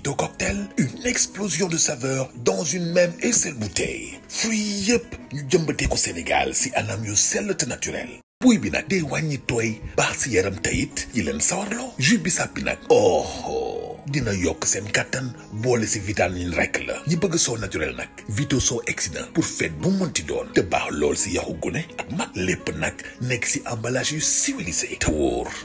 Mojito Cocktail, une explosion de saveurs dans une même et seule bouteille fruits yep, yëpp ñu Senegal, ko Sénégal si anam yu sell te naturel buy bi nag day wàññi tooy baax si yaram tayit yi leen sawarloo jus bi sàppi nag oh. oh dina yok sen kattan bolé si vitamine rek la ñi bëgg soo naturel nak vito sont accident pour fête bu monti doon te baax lool si yaxu gune ak mag nac. nak nek si emballage civilisé te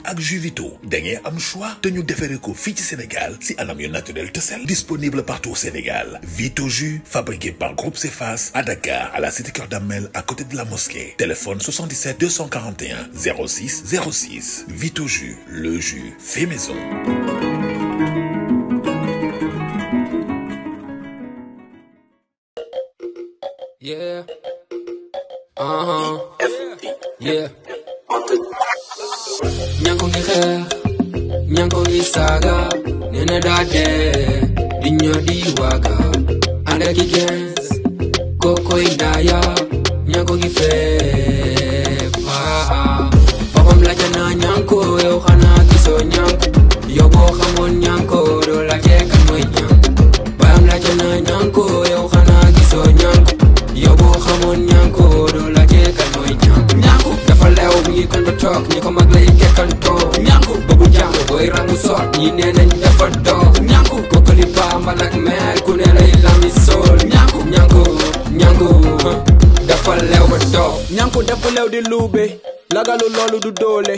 ak jus vito da am choix te ñu déféré ko fi ci Sénégal si anam yu naturel te sel disponible partout au Sénégal vito jus fabriqué par Groupe Cefas à Dakar à la cité cœur Damel à côté de la mosquée téléphone 77 241 06 06 vito jus le jus fait maison na di ñoo di waaga ànd ak i ndaaya ña ko ngi feeb aa boppam la ca naa xanaa gisoo ñanko yow xamoon ñanko doo la kan mooy ñanko baam la ca naa xanaa gisoo ñanko yow xamoon ñanko doo la kan mooy ñanko ñanko dafa leew mi ngi kon mag lay kekkal toog ñanko ba bu jàng booy rangu soot ñi waaw ñanku def lew di luube lagalu loolu du doole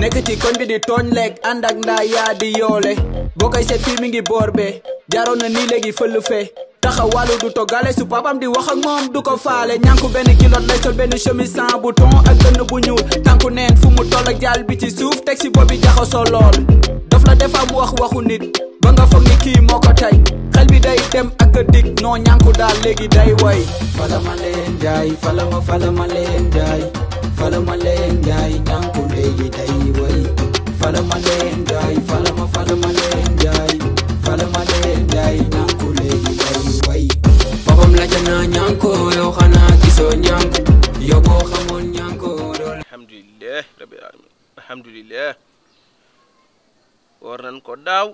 nekk ci koñ bi di tooñ lekk ànd ak ndaa yaa di yoole boo koy seet fii mi ngi boor be jaroon na nii léegi fël fe taxawalu du toggale su papam di wax ak mom du ko faale ñànku ben kilot lay sol ben chemise sans bouton ak dënn bu ñuul tànku neen fu mu toll ak jaal bi ci suuf teg si boppi jaxasoo lool daf la defa mu wax waxu nit ba nga foog ni kii moo ko xel bi day dem ak dig noo daal léegi day way fala ma leen jaay fala ma fala ma leen jaay fala ma jaay day way fala ma leen jaay fala ma fala daaw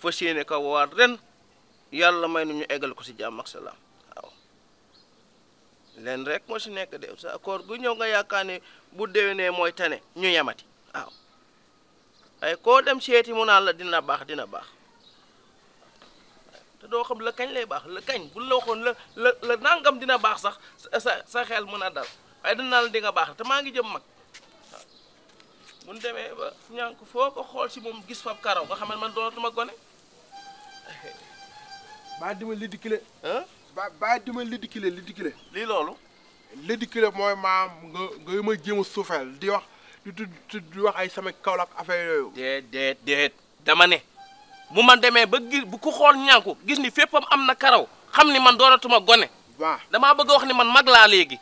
fas yéene ko ren yàlla may nu ñu eggal ko si jàmm ak salaam waaw leen rek moo si nekk de sa koor gu ñëw nga yaakaar ne bu déwénee mooy tane ñu yamati waaw ay koo dem seeti mu naan la dina baax dina baax te doo xam la kañ lay baax la kañ bu la la la la nangam dina baax sax sa sa xel mën a dal waaye dina la di nga baax te maa ngi jëm mag bu ñu ba ñank foo ko xool si moom gis fab karaw nga xam ne man doonatuma goné baa dima lidikile. ba hein? baa dima lidikile lidikile. lii loolu. lidikile mooy maam nga nga ma jéem a di wax di di di wax ay sama kaw affaire yoyu dé dé dé dama né mu man demee ba gis bu ku xool ñànku gis ni féppam amna karaw xamni man doonatuma goné waaw dama bëgg wax ni man mag la légui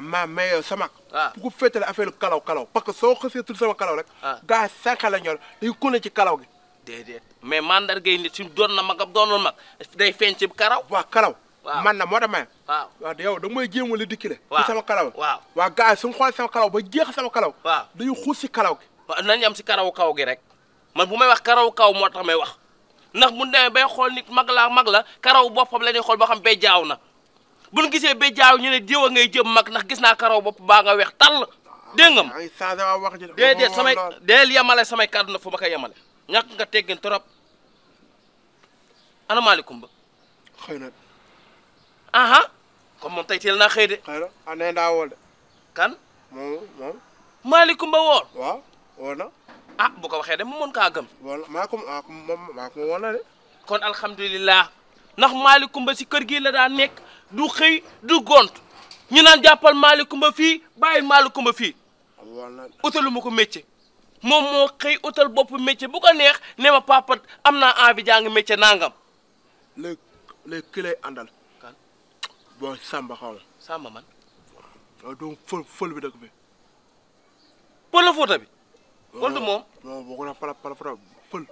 maa mais sama. waaw ah. bu ko féetale kalaw kalaw parce que soo xasee tudd sama kalaw rek. waaw ah. gars sànqal la dañu kone ci kalaw gi. déedéet mais mandargay nit si doon na mag doon na mag day feeñ ci karaw. waaw karaw. man na moo tax ma. waaw waaw da mooy may jéem a li dikkile. waa ci sama kalaw waaw waaw gars yi su ñu sama kalaw ba jeex sama kalaw. waaw dañu xuus si kalaw gi. waaw nañu am si karaw kaw gi rek man bu may wax karaw kaw moo tax may wax ndax mu demee bay xool ni mag laa mag la karaw boppam la ñuy xool boo xam bay jaaw na buñu gisé be jaaw ñu né diwa ngay jëm mak nak gis na karaw bop ba nga weex tal dengam nga ma déedéet samay deel yemale na fu ma koy yemale ya nga teggin torop ana malikum ba xeyna aha ko moom tay teel na xey de xëy na ah nee kan mo mo malikum ba wol wa wona ah bu ko de mo mën ka gëm wala ma ko ma ko de kon alhamdullilah ndax Malick Coumba si kër gi la nekk du xëy du gont ñu naan jàppal kumbafi Coumba fii bàyyi Malick Coumba fii utalu ma ko métier moom moo xëy utal bopp métier bu ko neex ne ma papa am envie jàng métier nangam. léegi léegi ki lay kan boo Samba xaw Samba man. waaw ah, donc fël fël bi dëkk bi. pël la bi. wala ah, moom non boo ko def pala pala fël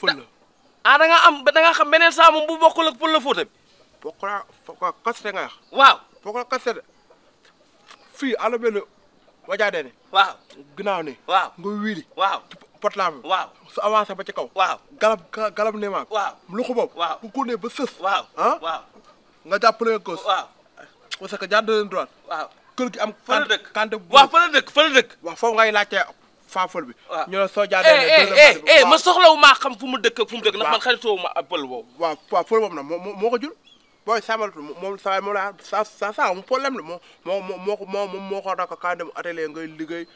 fël la. aa ah, da nga am da nga xam beneen saamu bu bokkul ak pël la Fuuta bi. Pokola Pokola kaste nga wax. waaw kaste fii àll bi la wajaade ne. nga wiili. potlaam bi. waaw ba ci kaw. waaw galab galab ne maa. waaw lu ko boobu. waaw bu ko nee ba sës. Ah? nga jàppale gauche. am. fa la dëkk kante bu waaw fa faafol bi. waaw ñu ne soo jaaree. Eh, eh, eh, ma soxlawu maa xam fu mu dëkk fu mu dëkk na man xaritoo ma ab pël boobu. waaw waaw pël moo moo ko jur booy sàmmatu moom saa sa sa sa problème la moo moo moo ko moo moo ko raka kaa dem atelier ngay liggéey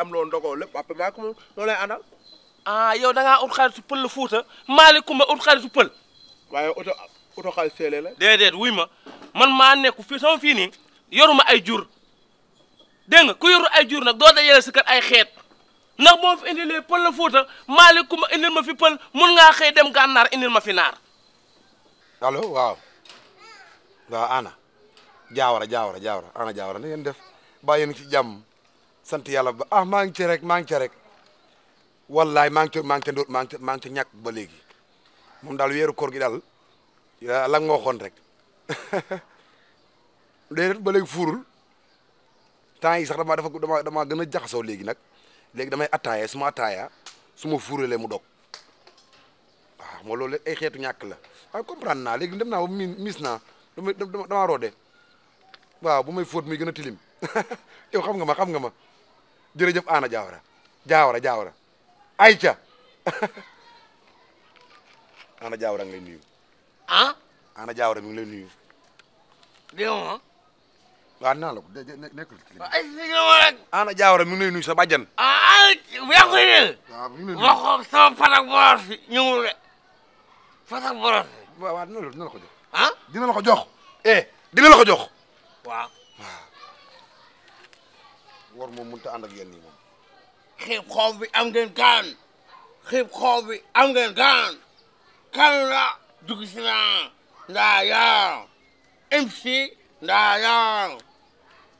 am loo ndogoo lépp après maa ko moom ah, yow da ngaa ut xaritu pël la Fuuta Malicoumba ut xaritu pël. waaye oto oto la. déedéet ma man maa nekk fii sama fii nii ma ay jur dégg nga ku yoru ay jur nag doo dajale sa kër ay xeet ndax boo indi indilee pël la Fuuta Maalik ku ma indil ma fi pël mun ngaa xëy dem gànnaar indil ma fi naar. allo waaw waaw ana jaawara jaawara jaawara ana jaawara na ngeen def bàyyi yéen ci jàmm sant yàlla ba ah maa ngi ci rek maa ngi ce rek wallaay maa ngi ci maa ngi ci ci maa ba léegi moom daal weeru koor gi daal la nga waxoon rek déedéet ba léegi fuurul. temps yi sax damaa dafa damaa damaa gën a jaxasoo léegi nag léegi damay attaaya su ma attaaya su ma fuuralee mu dog waaw moo loolu ay xeetu ñàkk la waaye comprendre naa léegi dem naa ba miis naa damay damaa roode waaw bu may fóot muy gën a tilim yow xam nga ma xam nga ma jërëjëf Anna Diawara Diawara Diawara Aïcha Anna Diawara nga lay nuyu. ah. Anna mi ngi lay nuyu. waaw naa la ko de nekkul ci li. ay si nga mi ngi lay nuyu sa bàjjan. ah, ah yaa ngi koy dégg. ko sama Fatak Boros bi ñëwul de Fatak Boros. waaw waaw dina la dina la ko jox. ah dina eh, moom mënut a ànd ak moom. xiib xool am ngeen kaan. xiib xool am ngeen kaan. kan la dugg si naa. ndaa ndaa yaa.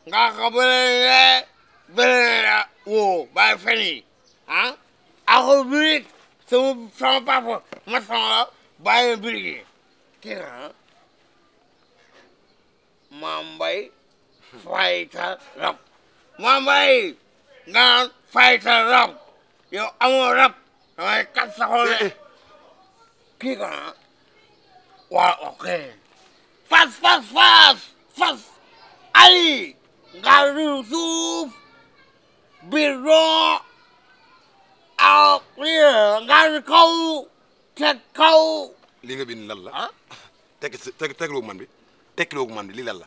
nga xam ne beneen la woo bàyyi fen yi ah ako birig sama sama papa ma sama la bàyyi birig yi kii na maa mbay fayta rab maa mbay nga naan fayta rab yow amoo rab damay kat sa xol ne eh, eh. kii kana waa ok fas fas fas fas ali Galu suuf biro ak lii galu kaw teg kaw. lii nga bind lan la ah teg teg teguloo man bi teguloo man bi lii lan la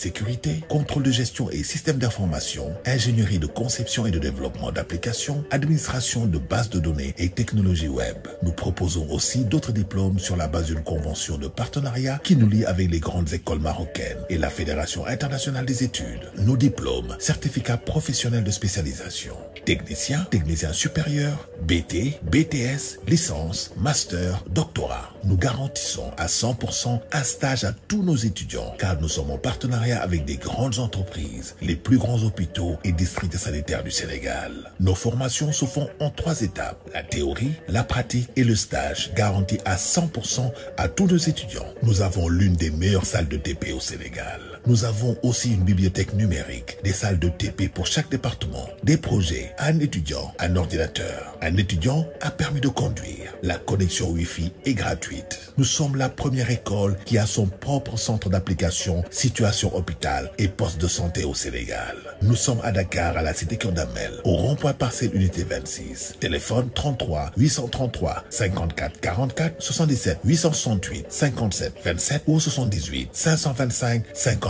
sécurité, contrôle de gestion et système d'information, ingénierie de conception et de développement d'applications, administration de bases de données et technologies web. Nous proposons aussi d'autres diplômes sur la base d'une convention de partenariat qui nous lie avec les grandes écoles marocaines et la Fédération internationale des études. Nos diplômes, certificats professionnels de spécialisation, technicien, technicien supérieur, BT, BTS, licence, master, doctorat. Nous garantissons à 100% un stage à tous nos étudiants car nous sommes en partenariat avec des grandes entreprises, les plus grands hôpitaux et districts sanitaires du Sénégal. Nos formations se font en trois étapes, la théorie, la pratique et le stage, garantie à 100% à tous nos étudiants. Nous avons l'une des meilleures salles de TP au Sénégal nous avons aussi une bibliothèque numérique, des salles de TP pour chaque département, des projets, un étudiant, un ordinateur, un étudiant, a permis de conduire. La connexion Wi-Fi est gratuite. Nous sommes la première école qui a son propre centre d'application, situation hôpital et poste de santé au Sénégal. Nous sommes à Dakar, à la cité Kondamel, au rond-point parcelle unité 26. Téléphone 33 833 54 44 77 868 57 27 ou 78 525 50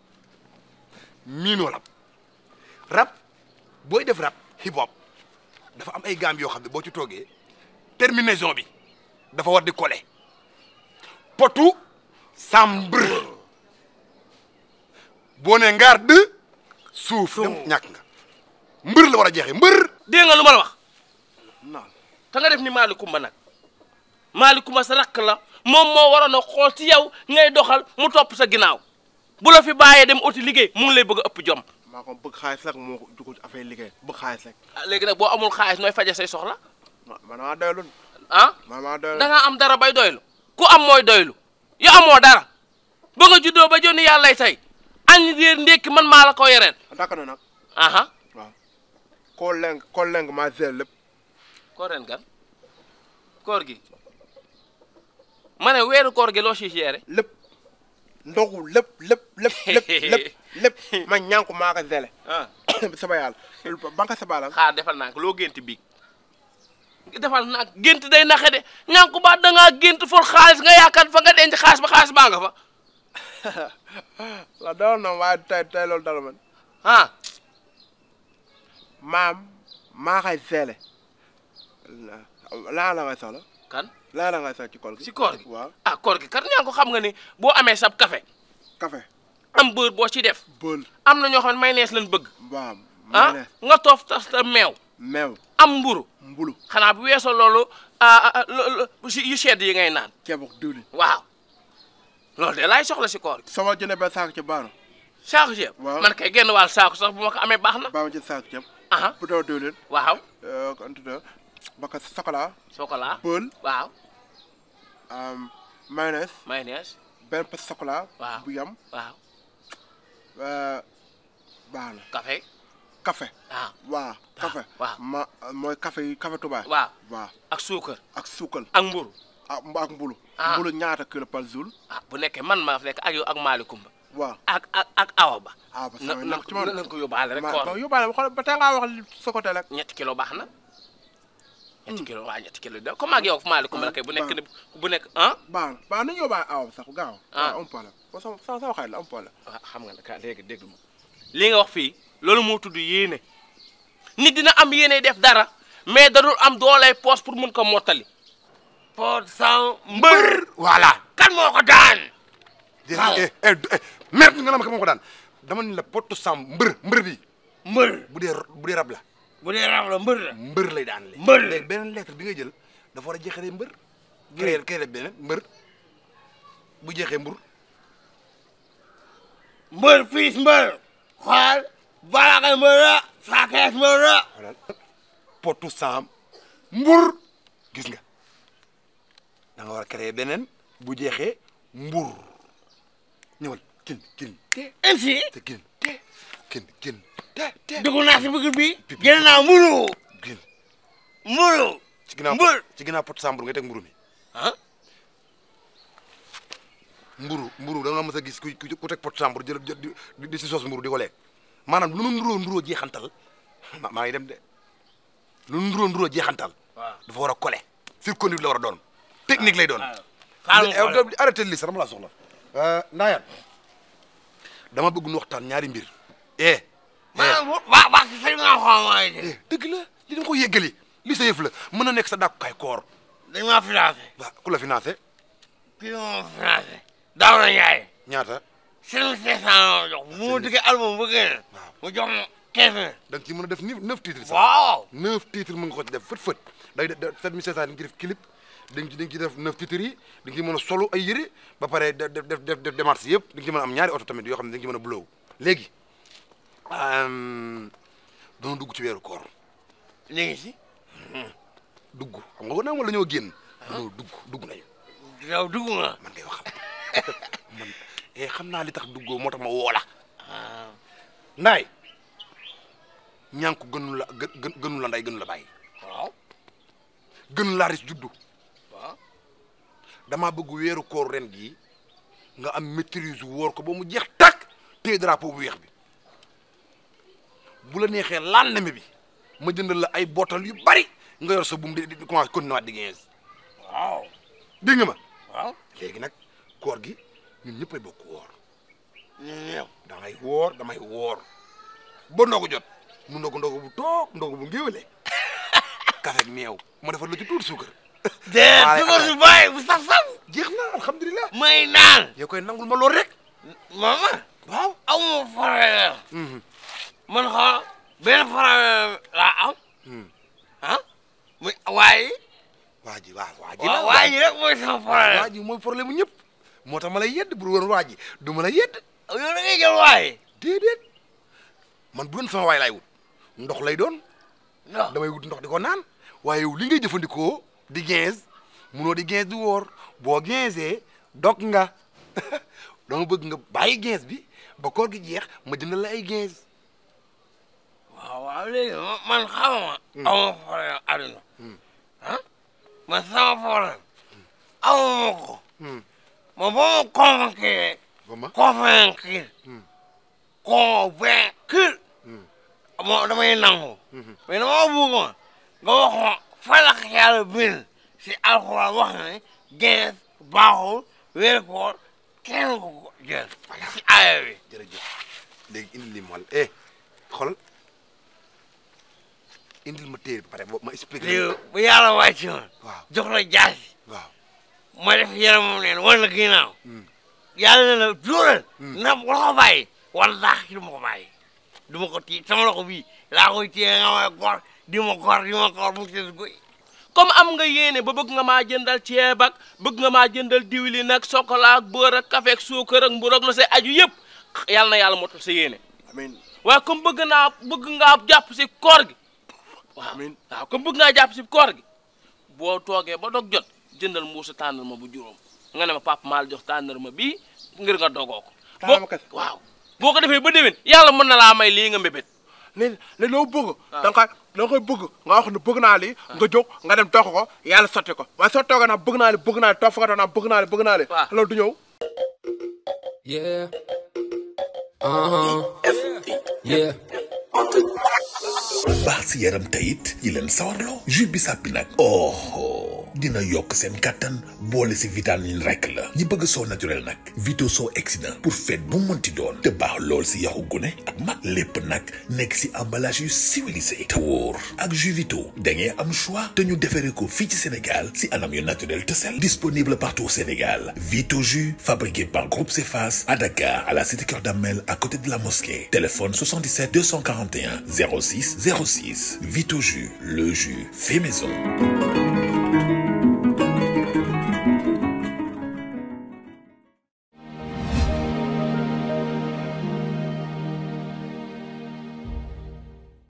miinoo rab rab booy def rab hip hop dafa am ay gaam yoo xam ne boo ci toogee terminaison bi dafa war di coller potu sambre boo ne ngaar dë suuf dem nga mbër la war a jeexee mbër dégg nga lu ma la wax non def ni maali kumba nag maali kumba sa rakk la moom moo waroon a xool ci yow ngay doxal mu topp sa ginnaaw bu baa fi bàyyee dem liggéey mu ngi bëgg a ëpp jom. maa ko bëgg xaalis rek moo ko jugu liggéey bëgg xaalis rek. Ah, léegi nag boo amul xaalis nooy faje say soxla. man maa doylu. ah man maa da am dara bay doylu. ku am mooy doylu yu amoo dara ba nga juddoo ba jonni yàllay tey añ réer man maala ko yoreen. d'accord nag. aha waaw. koo leng koo leng maa seet lépp. koo ren gan koor gi ma ne weeru koor gi loo siy lépp. ndogu lépp lépp lépp lépp lépp lépp ma ñànku maa ko zele. Ah. sama yàlla banque sa baala. defal naa ko loo gént biig defal naa gént day naxe ñànku ba da ngaa gént for xaalis nga yaakaar fa nga denc xaalis ba xaalis baa nga fa. la doon na waaye tey tey loolu dara maam maa zele. laa la may Larang nga sax ci koor gi. ci koor gi waaw ah koor gi kat ñaa ko xam nga ni boo amee sab café. café am beurre boo ci def. beurre am na ñoo xam mayonnaise lañ bëgg. Ah, mayonnaise ah nga toof tas ta meew. meew am mburu mburu xanaa bu weesoo loolu ah, ah, yu yi ngay naan. diwlin de laay soxla si koor sama jëne ba saako ci baanu. saako ceeb waaw man kay genn wàll saako sax bu ma ko amee baax na. baax ma ci saako ceeb. bu taw diwlin. sokola. sokola. waaw. Euh, mayonnaise. mayonnaise. benn pâte chocolat. bu yam. waaw. Euh, baax na. café. café. ah waaw café. Ah, waaw ma mooy café yi café tubaab. ak suukar. ak suukar ak mburu. Ah, ak ak ah. mbulu. mbulu ñaata kilo par jour. bu nekkee man maa fi nekk ak yow ak Malicoumba. waaw ak ak ak awa ba. awa ba sama na ko yóbbaale rek. koor ma ba xool ba tey wax sokotee rek. ñetti kilo baax na. ñetti mm. kilo waaw ñetti kilo da ak yow maa la ko mën a kay bu nekk ah, bu nekk ah. baax na baax na ñu bàyyi awam sax gaaw. ah am problème sama sama xarit la am problème. waaw ah, ah léegi dégg ma li nga wax fii loolu moo tudd yéene nit dina am yéene def dara mais dadul am doolay poos pour mun ko mottali. poos sans mbër. voilà kan moo ko daan. Eh, eh, eh, nga ne ma moo ko daan dama ni la potu sam mbër mbër bi. mbër bu dee bu dee la. bu dee rab la mbër la mbër lay daan le mbër léegi beneen lettre bi nga jël dafa war a jeexalee mbër créer créer beneen mbër bu jeexee mbur mbër fiis mbër xool balaaka mbër la saakees mbër la potu saam mbur gis nga da nga war a créer beneen bu jeexee mbur ñëwal kin kin te ainsi te kin te kin kin Dukunasi naa bi génn naa mburu mburu ci ginnaaw mburu pot sambur nga teg mburu mi pot di si sos di ko Mana maanaam lu nu nduróo nduróo jeexantal maa ngi dem de lu nu nduróo nduróo jeexantal dafa war a kole lay doon arrêté li sax dama eh maanaam waa waa si sëñ nga xoomaay de dëgg la li dama ko yeggali li sa yëf la mën na nekk sa dàkkukaay koor dañ maa financé waaw ku la financé kii moom financé daaw na ñaay ñaata sëñ cinq cent jox bu ah, ma diggee album bu gën mu jox ma quinze mille da nga ci mën a def neuf titres sax waaw neuf titres mu nga ko ci def fët fët day sept de cinq cent dañ ci def clip dañ ci dañ ci def neuf titres yi dañ ci mën a solo ay yëre ba pare def def def démarche yëpp dañ ci mën a am ñaari oto tamit yoo xam ne dañ ci mën a blow léegi dana dugg ci weeru koor ñu ngi ci hmm. dugg xam nga dugu, dugu ma la ñoo génn non dugg dugg nañu yow dugg nga man ngay waxal man eh xam naa li tax duggoo moo tax ma woo la ah. ndaay ñànku gënu la gënu la nday gënu la bàyyi waaw gënu laa ris juddu waaw damaa bëgg weeru koor ren gii nga am maîtrise woor ko ba mu jeex tàkk téye drapeau bu weex bi bu la neexee laal bi ma jëndal la ay bootal yu bari nga yor sa bum di di commencé continuer wat di gens waaw dégg nga ma. waaw légui nak koor gi ñun ñeppay bokk wor ñew da ngay wor da may wor bo ndogu jot mu ndogu ndogu bu tok ndogu bu ngéwale kafe ak meew ma defal la ci tour sugar de sugar su bay bu sa sam jeex na alhamdulilah. may naan. yow koy nangul ma lor rek. mama waaw aw ma mm-hmm. man xoola benn problème hmm. ah, ji waaw waa ji la mu ñëpp moo tax ma lay yedd waaji woon waa ji du ma lay yedd. yow man bu doon sama waay wut ndox lay doon. ndox damay wut ndox di ko naan waaye yow li ngay jëfandikoo di gens munoo di gens du woor boo gensee dog nga dama bëgg nga bàyyi gens bi ba koor gi jeex ma jëndal la ay gens. man xamuma. Hmm. amuma problème aduna. Hmm. ah man sama problème hmm. amuma ko. ma ba ma convaincre. ba ma convaincre. convaincre. moo damay nangu. mais dama bëggoon nga wax ma falax si alxuraan wax ne baaxul wér kenn ko jeex. si aaya bi jërëjëf léegi indi li eh indil ma téré paré ma expliquer léegi bu yalla waccu waaw jox la jass waaw ma def yaram yaramam len wala ginaaw yàlla na la hmm. dóoral. na bu ko hmm. bay wala daax du ma ko bàyyi. du ko ti sama loxo bi la koy ti nga ma góor di mo góor di mo góor mu ci goy. comme am nga yene ba bëgg nga ma jëndal ci ak bëgg nga ma jëndal diwlin nak chocolat ak beurre ak café ak sucre ak mburok ak la say aju yépp yalla na yalla motul sa yene amen wa comme bëgg na bëgg nga japp ci koor waaw nah, waaw comme bëgg ngaa jàpp si koor gi boo toogee ya ba dog jot jëndal mbuusu tàndarma bu juróom nga ne ma papa maa la jox tàndarma bii ngir nga dogoo ko. waaw boo ko defee ba déwén yàlla mën na laa may lii nga mbébét. léegi léegi loo bëgg. Ah. da nga da nga koy bëgg nga wax ne bëgg naa lii. Ah. nga jóg nga dem toog ko yàlla sotti ko waaye soo toogee nag bëgg naa li bëgg naa lii toog fa nga bëgg naa li bëgg naa li waaw ah. loolu du ñëw. yeah. Uh-huh. E e. yeah. yeah. baax yaram tayit yi leen sawarloo jus bi sàppi nag oh dina yokk seen kattan boole si vitamine rek la ñi bëgg soo naturel nag vito soo pour fête bu monti doon te baax lool si yaxu gune ak mag lépp nag nekk si emballage yu civilisé te wóor ak jus vito da am choix te ñu defere ko fii ci Sénégal si anam yu naturel te sel disponible partout au Sénégal vito jus fabriqué par Groupe Cefas à Dakar à la cité Keur Damel à côté de la mosquée téléphone 77 241 06 06 Vite au jus, le jus fait maison.